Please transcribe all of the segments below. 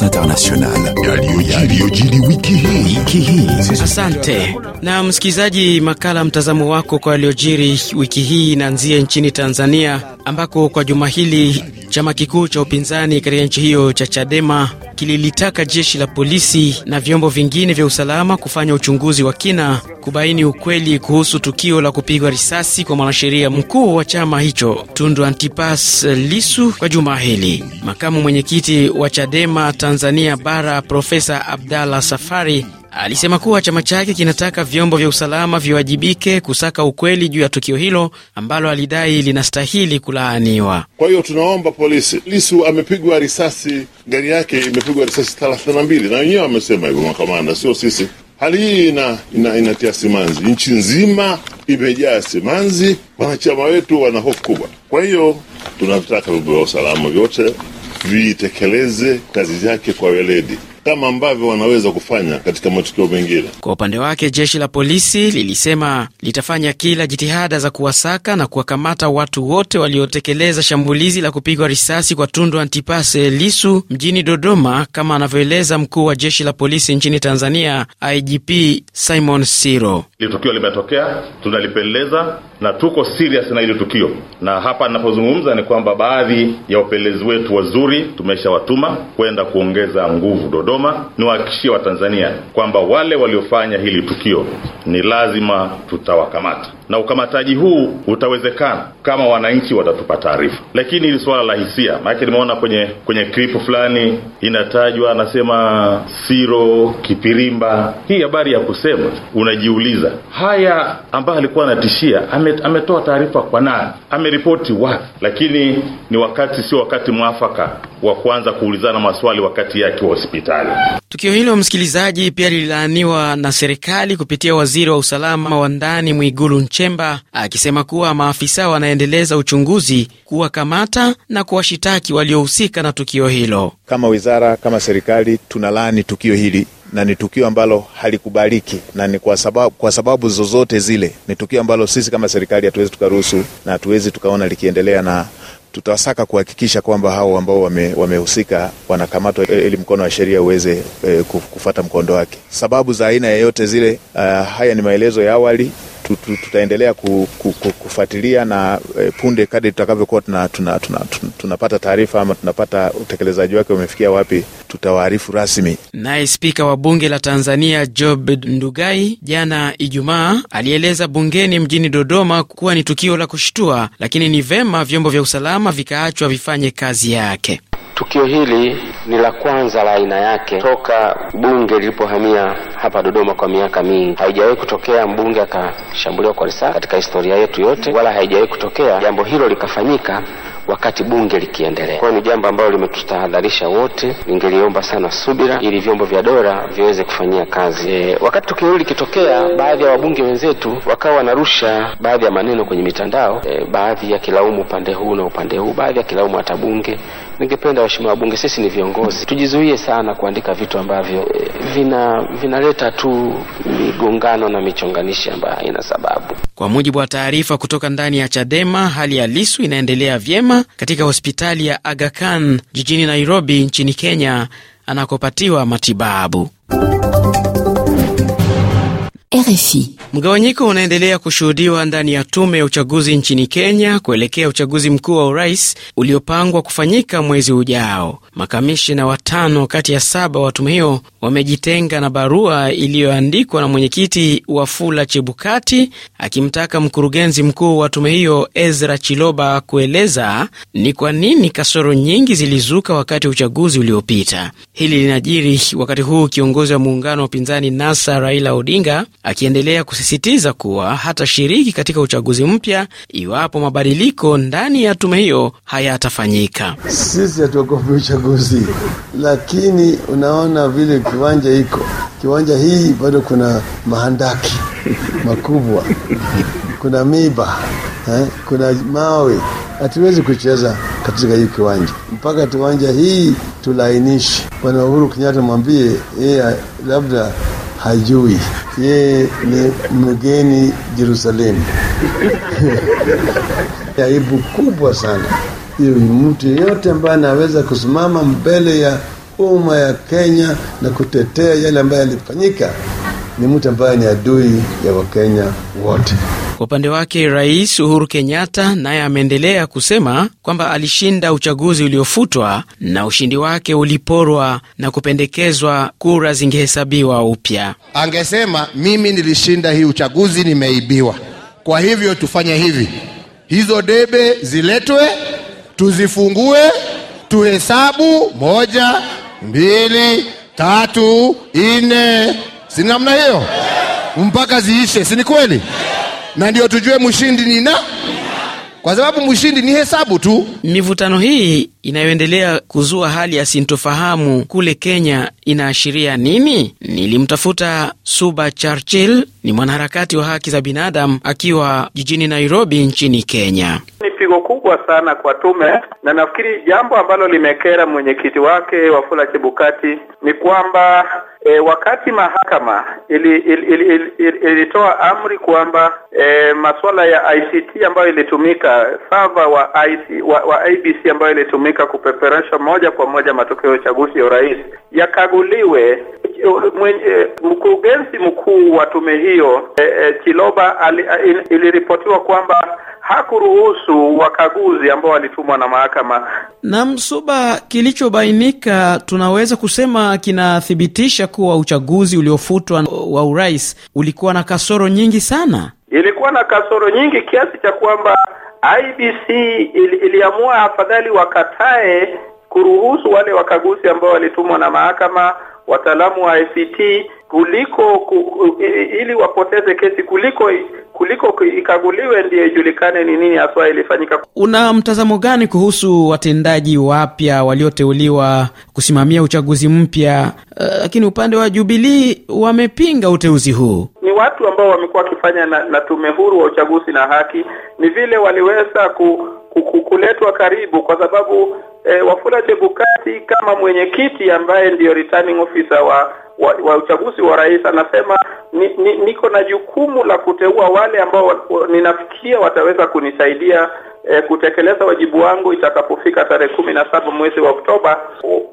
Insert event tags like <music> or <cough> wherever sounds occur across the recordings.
Conférence Internationale yaliyojili wiki hii. Asante na msikilizaji, makala mtazamo wako kwa yaliyojiri wiki hii inaanzia nchini Tanzania ambako kwa juma hili chama kikuu cha upinzani katika nchi hiyo cha Chadema kililitaka jeshi la polisi na vyombo vingine vya usalama kufanya uchunguzi wa kina kubaini ukweli kuhusu tukio la kupigwa risasi kwa mwanasheria mkuu wa chama hicho Tundu Antipas Lisu kwa juma hili. Makamu mwenyekiti wa Chadema Tanzania Bara Profesa Abdalla Safari Alisema kuwa chama chake kinataka vyombo vya usalama viwajibike kusaka ukweli juu ya tukio hilo ambalo alidai linastahili kulaaniwa. Kwa hiyo tunaomba polisi. Lisu amepigwa risasi, gari yake imepigwa risasi thelathini na mbili na wenyewe wamesema hivyo makamanda, sio sisi. Hali hii ina, ina, inatia simanzi. Nchi nzima imejaa simanzi, wanachama wetu wana hofu kubwa. Kwa hiyo tunavitaka vyombo vya usalama vyote vitekeleze kazi zake kwa weledi kama ambavyo wanaweza kufanya katika matukio mengine. Kwa upande wake, jeshi la polisi lilisema litafanya kila jitihada za kuwasaka na kuwakamata watu wote waliotekeleza shambulizi la kupigwa risasi kwa Tundu Antipase Lisu mjini Dodoma, kama anavyoeleza mkuu wa jeshi la polisi nchini Tanzania, IGP Simon Siro ile tukio limetokea, tunalipeleleza na tuko serious na ile tukio. Na hapa ninapozungumza ni kwamba baadhi ya wapelelezi wetu wazuri tumeshawatuma kwenda kuongeza nguvu Dodoma. Niwahakikishie Watanzania kwamba wale waliofanya hili tukio ni lazima tutawakamata na ukamataji huu utawezekana kama wananchi watatupa taarifa. Lakini hili suala la hisia, maanake nimeona kwenye kwenye klipu fulani inatajwa, anasema Siro Kipirimba. Hii habari ya kusema, unajiuliza haya ambayo alikuwa anatishia, amet, ametoa taarifa kwa nani? Ameripoti wapi? Lakini ni wakati, sio wakati mwafaka wa kuanza kuulizana maswali wakati yake wa hospitali. Tukio hilo, msikilizaji, pia lililaaniwa na serikali kupitia waziri wa usalama wa ndani Mwigulu Nchemba. Chemba akisema kuwa maafisa wanaendeleza uchunguzi kuwakamata na kuwashitaki waliohusika na tukio hilo. Kama wizara, kama serikali, tunalaani tukio hili na ni tukio ambalo halikubaliki na ni kwa sababu, kwa sababu zozote zile ni tukio ambalo sisi kama serikali hatuwezi tukaruhusu na hatuwezi tukaona likiendelea, na tutawasaka kuhakikisha kwamba hao ambao wamehusika wame wanakamatwa e, ili mkono wa sheria uweze e, kufata mkondo wake. Sababu za aina yeyote zile, uh, haya ni maelezo ya awali tutaendelea kufuatilia na e, punde kadri tutakavyokuwa tunapata tuna, tuna, tuna, tuna, tuna taarifa ama tunapata utekelezaji wake umefikia wapi, tutawaarifu rasmi. Naye spika wa bunge la Tanzania Job Ndugai jana Ijumaa alieleza bungeni mjini Dodoma kuwa ni tukio la kushtua, lakini ni vema vyombo vya usalama vikaachwa vifanye kazi yake. Tukio hili ni la kwanza la aina yake toka bunge lilipohamia hapa Dodoma kwa miaka mingi. Haijawahi kutokea mbunge akashambuliwa kwa risasi katika historia yetu yote, wala haijawahi kutokea jambo hilo likafanyika wakati bunge likiendelea. Kwa ni jambo ambalo limetutahadharisha wote. Ningeliomba sana subira ili vyombo vya dola viweze kufanyia kazi. E, wakati tukio hili likitokea, baadhi ya wabunge wenzetu wakawa wanarusha baadhi ya maneno kwenye mitandao e, baadhi yakilaumu upande huu na upande huu, baadhi yakilaumu hata bunge Ningependa waheshimiwa wabunge, sisi ni viongozi, tujizuie sana kuandika vitu ambavyo eh, vina vinaleta tu migongano na michonganishi ambayo haina sababu. Kwa mujibu wa taarifa kutoka ndani ya Chadema, hali ya Lisu inaendelea vyema katika hospitali ya agakan jijini Nairobi nchini Kenya, anakopatiwa matibabu. RFI. Mgawanyiko unaendelea kushuhudiwa ndani ya tume ya uchaguzi nchini Kenya kuelekea uchaguzi mkuu wa urais uliopangwa kufanyika mwezi ujao. Makamishina watano kati ya saba wa tume hiyo wamejitenga na barua iliyoandikwa na mwenyekiti wa fula Chebukati akimtaka mkurugenzi mkuu wa tume hiyo Ezra Chiloba kueleza ni kwa nini kasoro nyingi zilizuka wakati wa uchaguzi uliopita. Hili linajiri wakati huu kiongozi wa muungano wa upinzani NASA Raila Odinga akiendelea kusisitiza kuwa hatashiriki katika uchaguzi mpya iwapo mabadiliko ndani ya tume hiyo hayatafanyika. Sisi hatuogopi uchaguzi, lakini unaona vile kiwanja iko kiwanja hii bado kuna mahandaki <laughs> makubwa, kuna miba eh, kuna mawe. Hatuwezi kucheza katika hii kiwanja mpaka kiwanja hii tulainishi. Bwana Uhuru Kenyatta mwambie yeye labda hajui yeye ni mgeni Jerusalemu. <laughs> Aibu kubwa sana hiyo. Mtu yeyote ambaye anaweza kusimama mbele ya umma ya Kenya na kutetea yale ambayo yalifanyika ni mtu ambaye ni adui ya Wakenya wote. Kwa upande wake Rais Uhuru Kenyatta naye ameendelea kusema kwamba alishinda uchaguzi uliofutwa na ushindi wake uliporwa na kupendekezwa kura zingehesabiwa upya. Angesema mimi nilishinda hii uchaguzi, nimeibiwa, kwa hivyo tufanye hivi, hizo debe ziletwe, tuzifungue, tuhesabu moja, mbili, tatu, nne, si namna hiyo mpaka ziishe, si ni kweli? na ndio tujue mshindi ni na kwa sababu mshindi ni hesabu tu. Mivutano hii inayoendelea kuzua hali ya sintofahamu kule Kenya inaashiria nini? Nilimtafuta Suba Churchill, ni mwanaharakati wa haki za binadamu akiwa jijini Nairobi nchini Kenya. Ni pigo kubwa sana kwa tume, na nafikiri jambo ambalo limekera mwenyekiti wake Wafula Chebukati ni kwamba E, wakati mahakama ili, ili, ili, ili, ilitoa amri kwamba e, eh, masuala ya ICT ambayo ilitumika sava wa, IC, wa, wa ABC ambayo ilitumika kupeperusha moja kwa moja matokeo ya uchaguzi ya urais yakaguliwe, eh, mkurugenzi mkuu wa tume hiyo e, e, Chiloba ali, il, iliripotiwa kwamba hakuruhusu wakaguzi ambao walitumwa na mahakama. Na Msuba, kilichobainika tunaweza kusema kinathibitisha yako wa uchaguzi uliofutwa wa urais ulikuwa na kasoro nyingi sana. Ilikuwa na kasoro nyingi kiasi cha kwamba IBC ili, iliamua afadhali wakatae kuruhusu wale wakaguzi ambao walitumwa na mahakama, wataalamu wa ICT kuliko ku, ili wapoteze kesi kuliko kuliko ikaguliwe ndiyo ijulikane ni nini haswa ilifanyika. Una mtazamo gani kuhusu watendaji wapya walioteuliwa kusimamia uchaguzi mpya? Eh, lakini upande wa Jubilii wamepinga uteuzi huu. Ni watu ambao wamekuwa wakifanya na, na tume huru wa uchaguzi na haki, ni vile waliweza ku, ku, ku, kuletwa karibu kwa sababu eh, Wafula Chebukati kama mwenyekiti ambaye ndiyo returning officer wa wa, wa uchaguzi wa rais anasema ni, ni, niko na jukumu la kuteua wale ambao ninafikia wataweza kunisaidia e, kutekeleza wajibu wangu itakapofika tarehe kumi na saba mwezi wa Oktoba.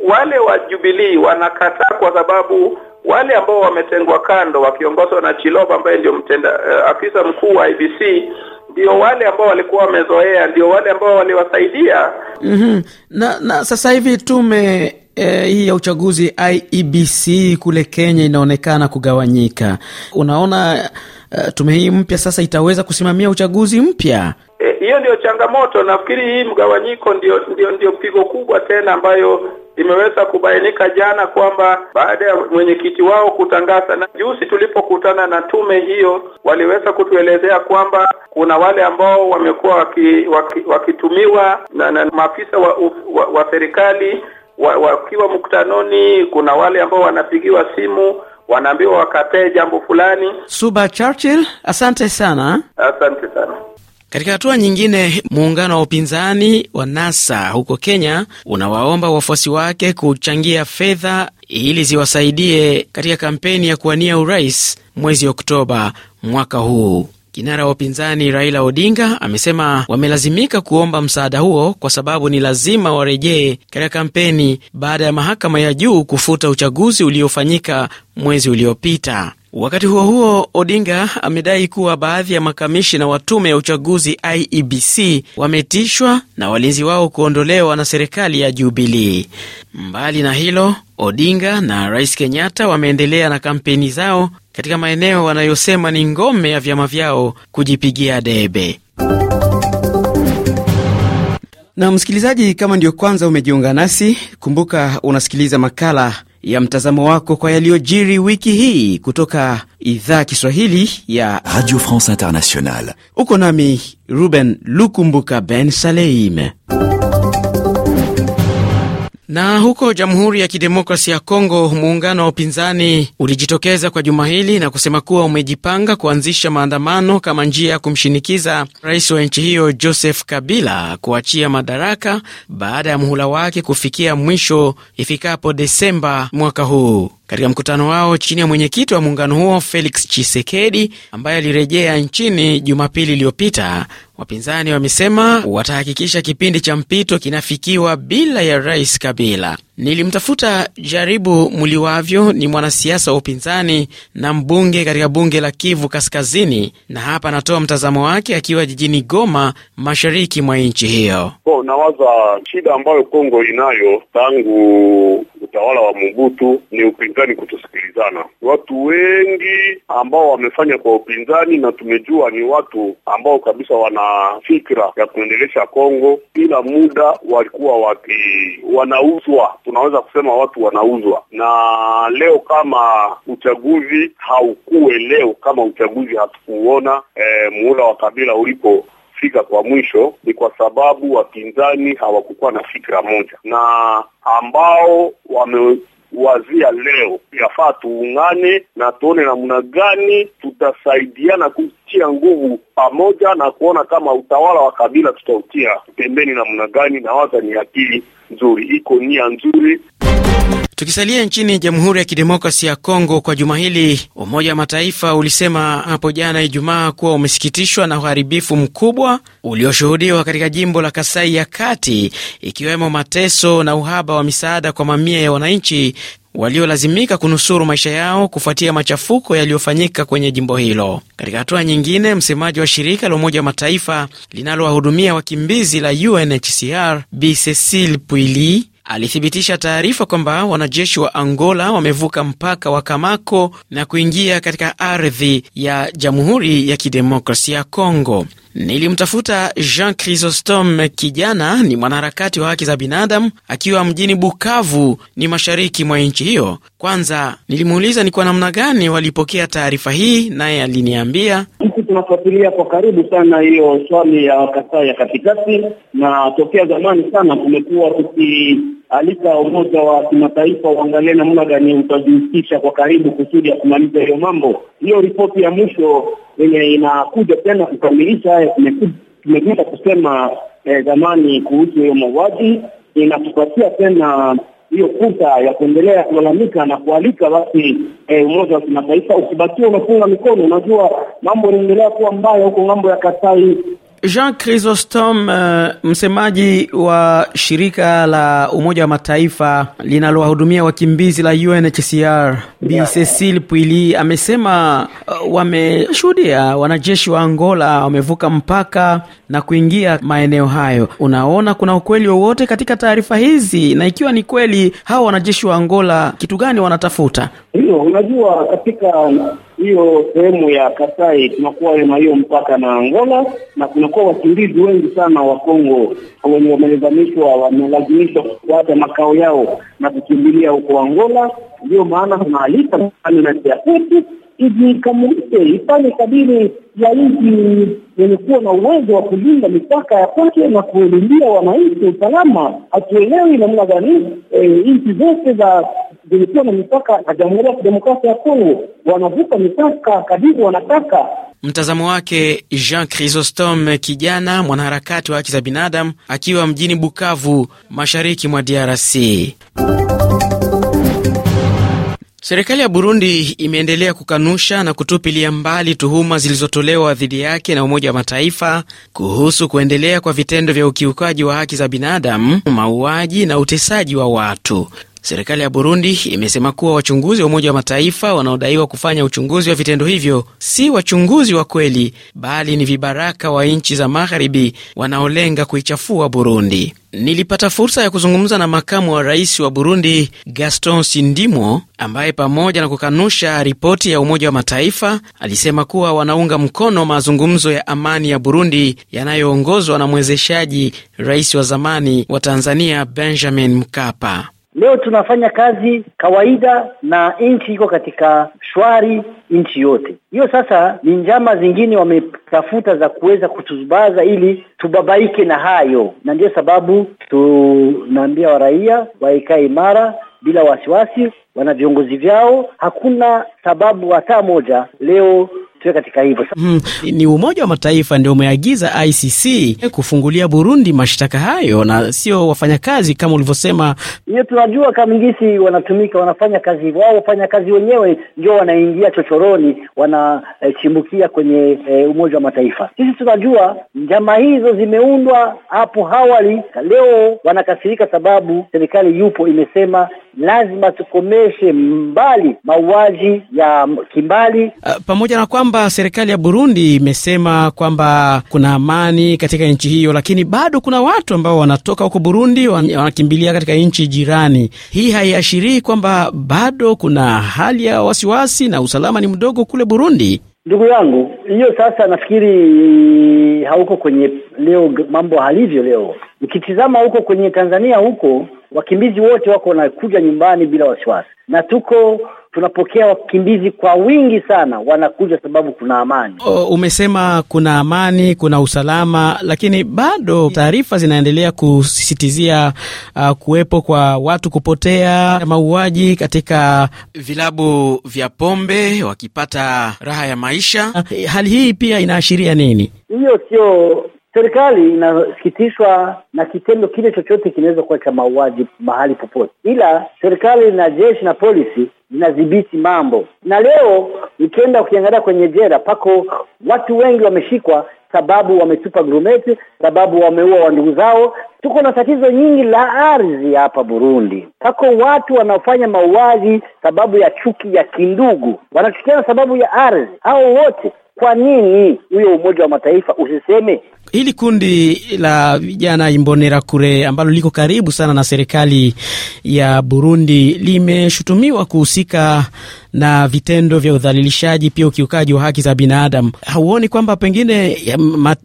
Wale wa jubilii wanakataa kwa sababu wale ambao wametengwa kando wakiongozwa na Chiloba ambaye ndio mtenda uh, afisa mkuu wa IBC ndio wale ambao walikuwa wamezoea, ndio wale ambao waliwasaidia. mm -hmm. na, na sasa hivi tume e, hii ya uchaguzi IEBC kule Kenya inaonekana kugawanyika. Unaona e, tume hii mpya sasa itaweza kusimamia uchaguzi mpya? Eh, hiyo e, ndio changamoto. Nafikiri hii mgawanyiko ndio ndio, ndio pigo kubwa tena ambayo imeweza kubainika jana kwamba baada ya mwenyekiti wao kutangaza, na juzi tulipokutana na tume hiyo, waliweza kutuelezea kwamba kuna wale ambao wamekuwa waki, waki, wakitumiwa na, na maafisa wa, wa, wa serikali wakiwa mkutanoni, kuna wale ambao wanapigiwa simu wanaambiwa wakatae jambo fulani. Suba Churchill, asante sana, asante sana. Katika hatua nyingine, muungano wa upinzani wa NASA huko Kenya unawaomba wafuasi wake kuchangia fedha ili ziwasaidie katika kampeni ya kuwania urais mwezi Oktoba mwaka huu. Kinara wa upinzani Raila Odinga amesema wamelazimika kuomba msaada huo kwa sababu ni lazima warejee katika kampeni baada ya mahakama ya juu kufuta uchaguzi uliofanyika mwezi uliopita. Wakati huo huo, Odinga amedai kuwa baadhi ya makamishina wa tume ya uchaguzi IEBC wametishwa na walinzi wao kuondolewa na serikali ya jubilii Mbali na hilo, Odinga na Rais Kenyatta wameendelea na kampeni zao katika maeneo wanayosema ni ngome ya vyama vyao kujipigia debe. Na msikilizaji, kama ndiyo kwanza umejiunga nasi, kumbuka unasikiliza makala ya mtazamo wako kwa yaliyojiri wiki hii kutoka idhaa Kiswahili ya Radio France Internationale. Uko nami Ruben Lukumbuka Ben saleime na huko Jamhuri ya kidemokrasi ya Kongo, muungano wa upinzani ulijitokeza kwa juma hili na kusema kuwa umejipanga kuanzisha maandamano kama njia ya kumshinikiza rais wa nchi hiyo Joseph Kabila kuachia madaraka baada ya muhula wake kufikia mwisho ifikapo Desemba mwaka huu. Katika mkutano wao chini ya mwenyekiti wa muungano huo Felix Chisekedi ambaye alirejea nchini Jumapili iliyopita, Wapinzani wamesema watahakikisha kipindi cha mpito kinafikiwa bila ya Rais Kabila. Nilimtafuta Jaribu Muliwavyo, ni mwanasiasa wa upinzani na mbunge katika bunge la Kivu Kaskazini, na hapa anatoa mtazamo wake akiwa jijini Goma, mashariki mwa nchi hiyo. nawaza shida ambayo Kongo inayo tangu utawala wa mubutu ni upinzani, kutosikilizana. Watu wengi ambao wamefanya kwa upinzani na tumejua ni watu ambao kabisa wana fikra ya kuendelesha Kongo, kila muda walikuwa waki wanauzwa, tunaweza kusema watu wanauzwa. Na leo kama uchaguzi haukuwe leo, kama uchaguzi hatukuona, e, eh, muhula wa Kabila ulipo kufika kwa mwisho ni kwa sababu wapinzani hawakukuwa na fikra moja, na ambao wamewazia leo, yafaa tuungane na tuone namna gani tutasaidiana kutia nguvu pamoja na kuona kama utawala wa kabila tutautia pembeni namna gani, na waza ni akili nzuri, iko nia nzuri. Tukisalia nchini Jamhuri ya kidemokrasi ya Kongo, kwa juma hili Umoja wa Mataifa ulisema hapo jana Ijumaa kuwa umesikitishwa na uharibifu mkubwa ulioshuhudiwa katika jimbo la Kasai ya Kati, ikiwemo mateso na uhaba wa misaada kwa mamia ya wananchi waliolazimika kunusuru maisha yao kufuatia machafuko yaliyofanyika kwenye jimbo hilo. Katika hatua nyingine, msemaji wa shirika la Umoja wa Mataifa linalowahudumia wakimbizi la UNHCR Bi Cecile Puili alithibitisha taarifa kwamba wanajeshi wa Angola wamevuka mpaka wa Kamako na kuingia katika ardhi ya Jamhuri ya Kidemokrasia ya Kongo. Nilimtafuta Jean Chrysostom, kijana, ni mwanaharakati wa haki za binadamu akiwa mjini Bukavu, ni mashariki mwa nchi hiyo. Kwanza nilimuuliza ni kwa namna gani walipokea taarifa hii, naye aliniambia sisi tunafuatilia kwa karibu sana hiyo swali ya Kasai ya katikati, na tokea zamani sana tumekuwa tuki alika Umoja wa Kimataifa uangalie namna gani utajihusisha kwa karibu kusudi ya kumaliza hiyo mambo. Hiyo ripoti ya mwisho yenye inakuja tena kukamilisha haya tumekuja kusema eh, zamani kuhusu hiyo mauaji, inatupatia tena hiyo fursa ya kuendelea kulalamika na kualika basi eh, Umoja wa Kimataifa ukibakia unafunga mikono. Unajua mambo yanaendelea kuwa mbaya huko ng'ambo ya Kasai Jean Chrysostom, uh, msemaji wa shirika la Umoja wa Mataifa linalowahudumia wakimbizi la UNHCR Bi cecil pwili amesema uh, wameshuhudia wanajeshi wa Angola wamevuka mpaka na kuingia maeneo hayo. Unaona kuna ukweli wowote katika taarifa hizi, na ikiwa ni kweli, hawa wanajeshi wa Angola kitu gani wanatafuta? Hiyo unajua katika hiyo sehemu ya Kasai tunakuwa na hiyo mpaka na Angola, na kunakuwa wakimbizi wengi sana wa Kongo wenye wamelazimishwa wamelazimishwa kuacha makao yao na kukimbilia huko Angola. Ndio maana tunaalika ya kwetu ijikamulishe ifanye kadiri ya nchi yenye kuwa na uwezo wa kulinda mipaka ya kwake na kulindia wananchi usalama. Hatuelewi namna gani e, nchi zote za zilikuwa na mipaka na Jamhuri ya Kidemokrasia ya Kongo wanavuka mipaka kadiri wanataka. Mtazamo wake Jean Chrysostome, kijana mwanaharakati wa haki za binadamu, akiwa mjini Bukavu, mashariki mwa DRC. Serikali ya Burundi imeendelea kukanusha na kutupilia mbali tuhuma zilizotolewa dhidi yake na Umoja wa Mataifa kuhusu kuendelea kwa vitendo vya ukiukaji wa haki za binadamu, mauaji na utesaji wa watu. Serikali ya Burundi imesema kuwa wachunguzi wa Umoja wa Mataifa wanaodaiwa kufanya uchunguzi wa vitendo hivyo si wachunguzi wa kweli, bali ni vibaraka wa nchi za Magharibi wanaolenga kuichafua Burundi. Nilipata fursa ya kuzungumza na makamu wa rais wa Burundi Gaston Sindimo, ambaye pamoja na kukanusha ripoti ya Umoja wa Mataifa alisema kuwa wanaunga mkono mazungumzo ya amani ya Burundi yanayoongozwa na mwezeshaji rais wa zamani wa Tanzania Benjamin Mkapa. Leo tunafanya kazi kawaida na nchi iko katika shwari, nchi yote hiyo. Sasa ni njama zingine wametafuta za kuweza kutuzubaza ili tubabaike na hayo, na ndio sababu tunaambia waraia waikae imara bila wasiwasi, wana viongozi vyao, hakuna sababu hata moja leo sio katika hivyo. Mm, ni Umoja wa Mataifa ndio umeagiza ICC kufungulia Burundi mashtaka hayo na sio wafanyakazi kama ulivyosema. Hiyo tunajua kamingisi wanatumika, wanafanya kazi hivyo, wao wafanyakazi wenyewe ndio wanaingia chochoroni, wanachimbukia eh, e, kwenye e, Umoja wa Mataifa. Sisi tunajua njama hizo zimeundwa hapo awali, leo wanakasirika sababu serikali yupo imesema lazima tukomeshe mbali mauaji ya kimbali, uh, pamoja na kwamba kwamba serikali ya Burundi imesema kwamba kuna amani katika nchi hiyo, lakini bado kuna watu ambao wanatoka huko Burundi wanakimbilia katika nchi jirani. Hii haiashirii kwamba bado kuna hali ya wasiwasi na usalama ni mdogo kule Burundi? Ndugu yangu, hiyo sasa nafikiri hauko kwenye leo mambo halivyo leo Nikitizama huko kwenye Tanzania huko wakimbizi wote wako wanakuja nyumbani bila wasiwasi, na tuko tunapokea wakimbizi kwa wingi sana, wanakuja sababu kuna amani. O, oh, umesema kuna amani, kuna usalama, lakini bado taarifa zinaendelea kusisitizia uh, kuwepo kwa watu kupotea, mauaji katika vilabu vya pombe, wakipata raha ya maisha. Ah, Hali hii pia inaashiria nini? Hiyo sio Serikali inasikitishwa na kitendo kile chochote kinaweza kuwa cha mauaji mahali popote, ila serikali na jeshi na polisi zinadhibiti mambo. Na leo ukienda ukiangalia kwenye jela pako watu wengi wameshikwa sababu wametupa grumeti, sababu wameua wa ndugu zao. Tuko na tatizo nyingi la ardhi hapa Burundi. Pako watu wanaofanya mauaji sababu ya chuki ya kindugu, wanachukiana sababu ya ardhi. Hao wote kwa nini huyo Umoja wa Mataifa usiseme hili kundi la vijana imbonera kure ambalo liko karibu sana na serikali ya Burundi limeshutumiwa kuhusika na vitendo vya udhalilishaji, pia ukiukaji wa haki za binadamu. Hauoni kwamba pengine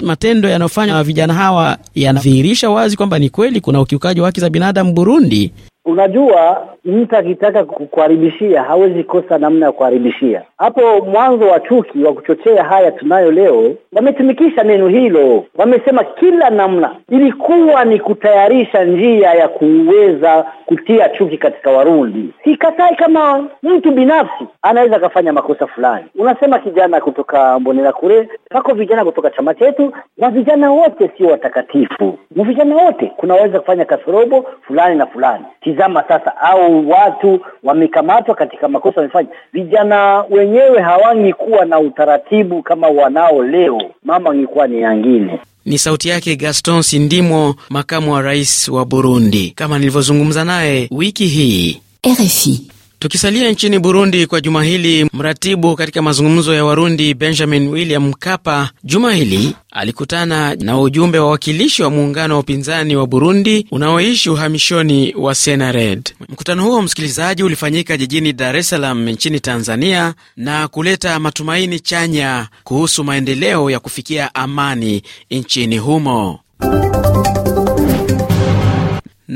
matendo yanayofanywa na vijana hawa yanadhihirisha wazi kwamba ni kweli kuna ukiukaji wa haki za binadamu Burundi? Unajua, mtu akitaka kukuharibishia hawezi kosa namna ya kuharibishia. Hapo mwanzo wa chuki wa kuchochea haya tunayo leo, wametumikisha neno hilo, wamesema kila namna, ilikuwa ni kutayarisha njia ya kuweza kutia chuki katika Warundi. Sikatai kama mtu binafsi anaweza akafanya makosa fulani. Unasema kijana kutoka Mbonera kule, pako vijana kutoka chama chetu, na vijana wote sio watakatifu, na vijana wote kunaweza kufanya kasorobo fulani na fulani tizama sasa, au watu wamekamatwa katika makosa wamefanya, vijana wenyewe hawangi kuwa na utaratibu kama wanao leo. Mama angekuwa ni yangine. Ni sauti yake Gaston Sindimo, makamu wa rais wa Burundi, kama nilivyozungumza naye wiki hii RFI. Tukisalia nchini Burundi kwa juma hili, mratibu katika mazungumzo ya Warundi Benjamin William Mkapa juma hili alikutana na ujumbe wa wakilishi wa muungano wa upinzani wa Burundi unaoishi uhamishoni wa Senared. Mkutano huo, msikilizaji, ulifanyika jijini Dar es Salaam nchini Tanzania na kuleta matumaini chanya kuhusu maendeleo ya kufikia amani nchini humo.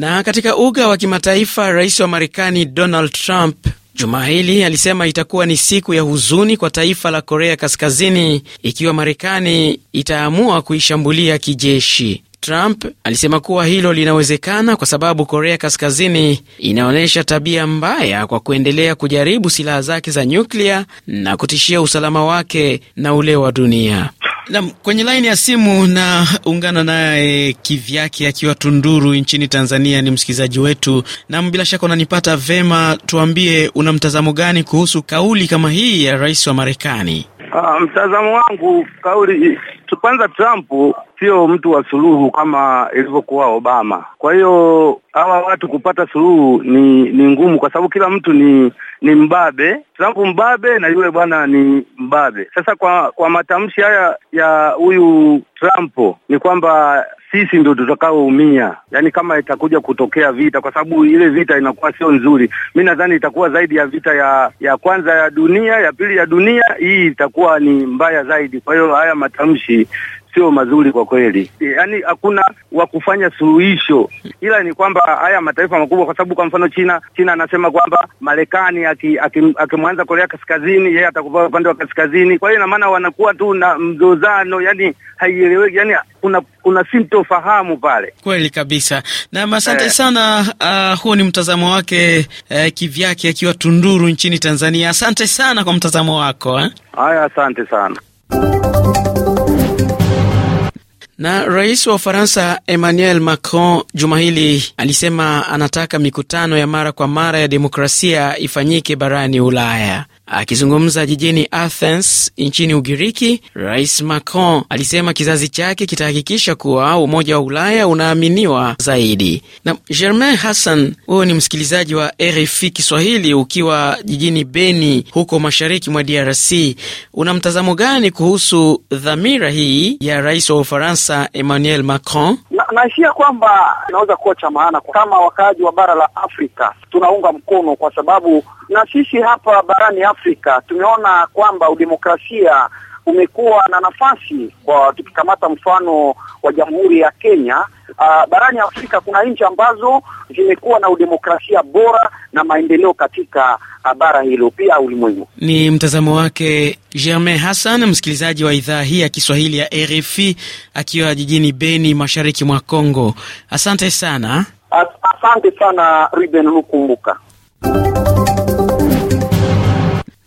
Na katika uga wa kimataifa, rais wa Marekani Donald Trump Jumaa hili alisema itakuwa ni siku ya huzuni kwa taifa la Korea Kaskazini ikiwa Marekani itaamua kuishambulia kijeshi. Trump alisema kuwa hilo linawezekana kwa sababu Korea Kaskazini inaonyesha tabia mbaya kwa kuendelea kujaribu silaha zake za nyuklia na kutishia usalama wake na ule wa dunia. Nam, kwenye laini ya simu na ungana naye kivyake akiwa Tunduru nchini Tanzania. Ni msikilizaji wetu, nam, bila shaka unanipata vema. Tuambie, una mtazamo gani kuhusu kauli kama hii ya rais wa Marekani? Uh, mtazamo wangu kauli kwanza, Trump sio mtu wa suluhu kama ilivyokuwa Obama. Kwa hiyo hawa watu kupata suluhu ni ni ngumu, kwa sababu kila mtu ni ni mbabe, Trump mbabe na yule bwana ni mbabe. Sasa kwa kwa matamshi haya ya huyu Trump ni kwamba sisi ndio tutakaoumia, yaani kama itakuja kutokea vita, kwa sababu ile vita inakuwa sio nzuri. Mi nadhani itakuwa zaidi ya vita ya ya kwanza ya dunia, ya pili ya dunia, hii itakuwa ni mbaya zaidi. Kwa hiyo haya matamshi sio mazuri kwa kweli, yaani hakuna wa kufanya suluhisho, ila ni kwamba haya mataifa makubwa, kwa sababu kwa mfano China, China anasema kwamba Marekani akimwanza Korea Kaskazini, yeye atakuwa upande wa kaskazini. Kwa hiyo ina maana wanakuwa tu na mzozano, yani haieleweki, yani kuna kuna sintofahamu pale. Kweli kabisa, na asante eh, sana. Uh, huo ni mtazamo wake eh, kivyake akiwa Tunduru nchini Tanzania. Asante sana kwa mtazamo wako eh. haya Asante sana. Na rais wa Ufaransa Emmanuel Macron juma hili alisema anataka mikutano ya mara kwa mara ya demokrasia ifanyike barani Ulaya. Akizungumza jijini Athens nchini Ugiriki, Rais Macron alisema kizazi chake kitahakikisha kuwa umoja wa Ulaya unaaminiwa zaidi. Na Germain Hassan, wewe ni msikilizaji wa RFI Kiswahili ukiwa jijini Beni huko mashariki mwa DRC, una mtazamo gani kuhusu dhamira hii ya rais wa Ufaransa Emmanuel Macron? Naishia kwamba inaweza kuwa cha maana kama wakaaji wa bara la Afrika tunaunga mkono kwa sababu na sisi hapa barani Afrika tumeona kwamba udemokrasia umekuwa na nafasi kwa tukikamata mfano wa Jamhuri ya Kenya. Uh, barani Afrika kuna nchi ambazo zimekuwa na udemokrasia bora na maendeleo katika uh, bara hilo pia ulimwengu. Ni mtazamo wake Germain Hassan, msikilizaji wa idhaa hii ya Kiswahili ya RFI akiwa jijini Beni, mashariki mwa Kongo. Asante sana. As asante sana Ruben Lukumbuka.